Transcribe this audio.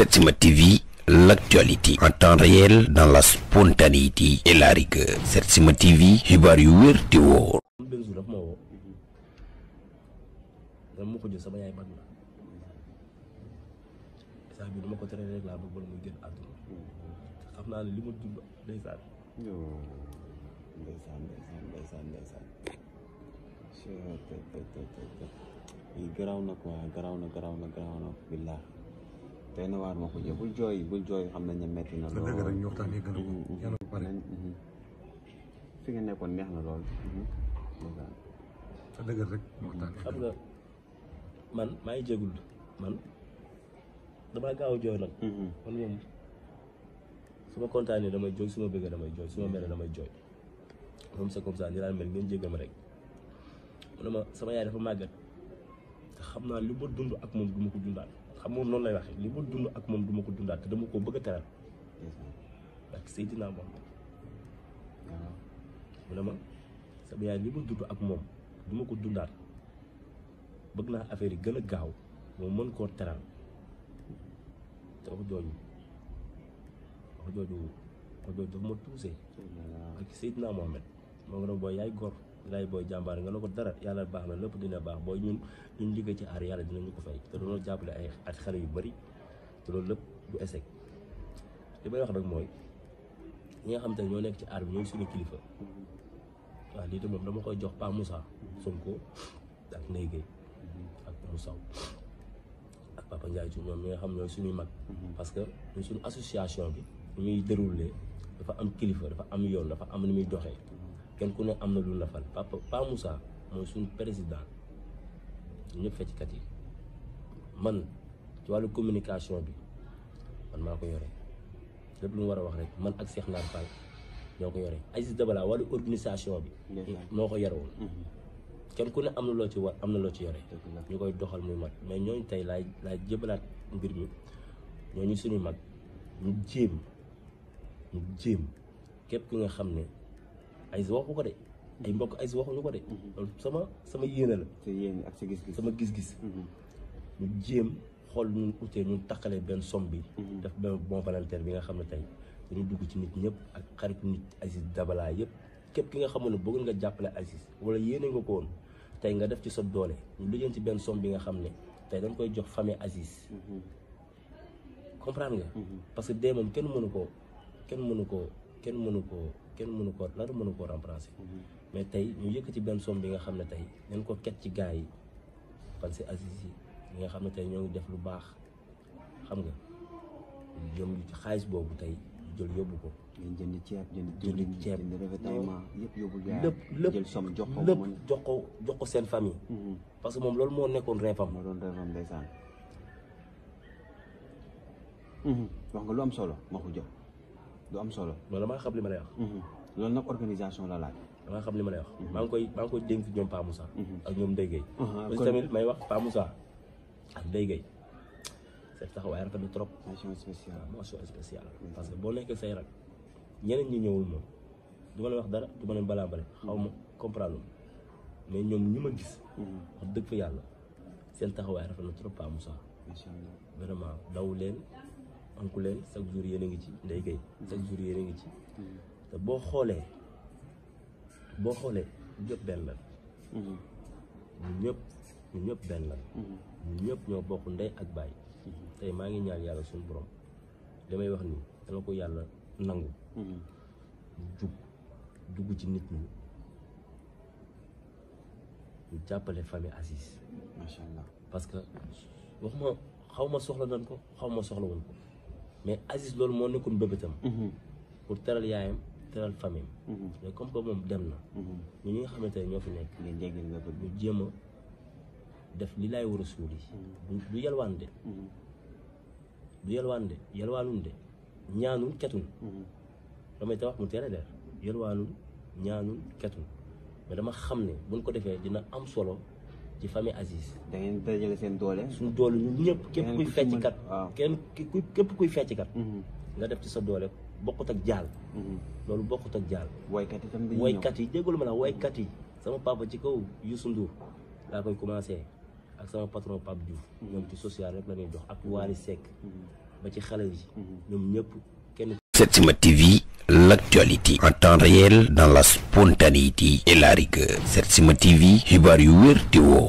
Setsima TV l'actualité en temps réel dans la spontanéité et la rigueur xibaar yu wér te wóor sama yaay mag na ko tere xam naa ne li ma dund te na waar ma ko jë bul jooy bul jooy xam na ñu waxtaanee gën a ko mm-hmm. yàlla ko pare mm-hmm. nekkoon neex na lool mm-hmm. sa dëgg rek man maa ngi jégul man damaa gaaw jooy nag man moom su ma kontaanee damay jooy su ma bëggee damay jooy su ma damay jooy moom c'est comme ça ni daan mel ngeen jégal rek mu ma sama yaay dafa màggat xam naa lu ma dund ak moom du ma ko dundaat xam moom noonu lay waxee li ma dund ak moom duma ko dundaat te dama koo bëgg a teral ak Seydina Muhammad mu duma ko dundaat naa affaire yi gën a gaaw moom koo teral te wax jooju wax jooju wax moo booy yaay góor laay booy jàmbaar nga ne ko dara yàlla baax na lépp dina baax booy ñun ñun liggéey ci aar yàlla dinañu ko fay te doonoo jàppale ay at xale yu bëri loolu lépp du échec li may wax nag mooy ñi nga xam te ne ñoo nekk ci aar bi ñooy suñu kilifa waaw lii de moom dama koy jox Pa Moussa Sonko ak Ndeye ak Moussa ak Papa Ndiaye ci ñoom ñi xam ñooy suñuy mag parce que ñun suñu association bi muy déroulé dafa am kilifa dafa am yoon dafa am ni muy doxee kenn ku ne am na lu la fal pa Pa Moussa mooy suñu président ñëpp fecckat yi man ci wàllu communication bi man maa ko yore lépp lu mu war a wax rek man ak Cheikh naa Fall ñoo ko yore Aziz Dabala wàllu organisation bi moo ko yore woon mm-hmm. kenn ku ne am na loo ci war am na loo ci yore ñu koy doxal muy mag mais ñooñu tey laay laay jébalaat mbir mi ñooñu suñu mag ñu jéem ñu jéem képp ki nga xam ne Aziz waxu ko de ay mbokk Aziz waxuñu ko de mhm. sama sama yéene la ak sa gis-gis sama gis-gis ñu mhm. jéem xool ñun utee ñun taqalee benn somme bi mhm. def benn bon volontaire bi nga xam ne tey dañu dugg ci nit ñëpp ak xaritu nit Aziz Dabala yëpp képp ki nga xamoon ne bëgg nga jàppale Aziz wala yéene nga ko woon def ci sa doole ñu liggéey ci benn somme bi nga xam ne tey dañ koy jox famille Aziz comprendre nga parce que dee moom kenn mënu ko kenn mënu ko kenn mënu ko kenn mënu ko dara mënu koo remplacer. Mhm. mais tey ñu yëkkati benn somme bi nga xam ne tey nañ ko ket ci gars yi parce que Aziz yi nga xam ne ñoo ngi def lu baax xam nga ñoom xaalis boobu tey jël yóbbu ko. ngeen jënd ceeb jënd diwlin ceeb jënd revêtement yëpp yóbbu gaa lépp lépp jël somme jox ko jox ko jox seen famille. Mhm. parce que moom loolu moo nekkoon rêvam. moo doon rêvam ndeysaan. Mhm. wax nga lu am solo Makhoudia. du am solo. loolu damaa xam li ma lay wax. Mhm. loolu nag organisation la xam li ma lay wax. Mhm. maa ngi koy maa ngi koy dénk ñoom Pa Moussa. Mhm. ak ñoom Ndeye Gueye. parce que tamit may wax Pa Moussa ak Ndeye Gueye. seen taxawaay rafet na ah, que boo nekkee say rak ñeneen ñi ñëwul moom du ma wax dara du ma leen balaabale. xaw ma comprendre mais ñoom ñu ma gis. wax dëgg fa yàlla seen taxawaay rafe na trop Pa daw leen. Ankuleel chaque jour yéen a ngi ci Ndeye Gueye chaque jour yéen a ngi ci te boo xoolee boo xoolee ñëpp benn la ñu ñëpp ñu ñëpp benn la ñu ñëpp ñoo bokk ndey ak baay tey maa ngi ñaar yàlla suñ borom li may wax nii dana ko yàlla nangu jug dugg ci nit ñi ñu jàppale famille Aziz macha parce que waxuma xaw ma soxla nan ko xaw ma soxla woon ko mais Aziz loolu moo nekkoon bëbëtam mhm. pour teral yaayam teral famille mhm. mais comme que moom dem na mhm. ñu ñi nga xamante ne ñoo fi nekk ñu jéem a def li laay war a suul yi du yalwaan de du yalwaan de yalwaanun de ñaanul ketun damay tabax mu teel a leer yalwaanul ñaanul ketun mais dama xam ne bu buñ ko defee dina am solo ci famille Aziz. da ngeen dajale seen doole. suñu doole ñun ñëpp képp kuy fecckat. waaw kenn ku képp kuy fecckat. Mhm. nga def ci sa doole bokkut ak jaal. Mhm. loolu bokkut ak jaal. woykat yi tam dañuy ñëw yi déggul ma la woykat yi. sama papa ci kaw Youssou Ndour laa koy commencé ak sama patron Pape Diouf. Mhm. ñoom ci social rek la ñuy dox ak Wally Seck. ba ci xale yi. ñoom ñëpp kenn. Setsima TV l'actualité en temps réel dans la spontanéité et la rigueur Setsima TV xibaar yu wér te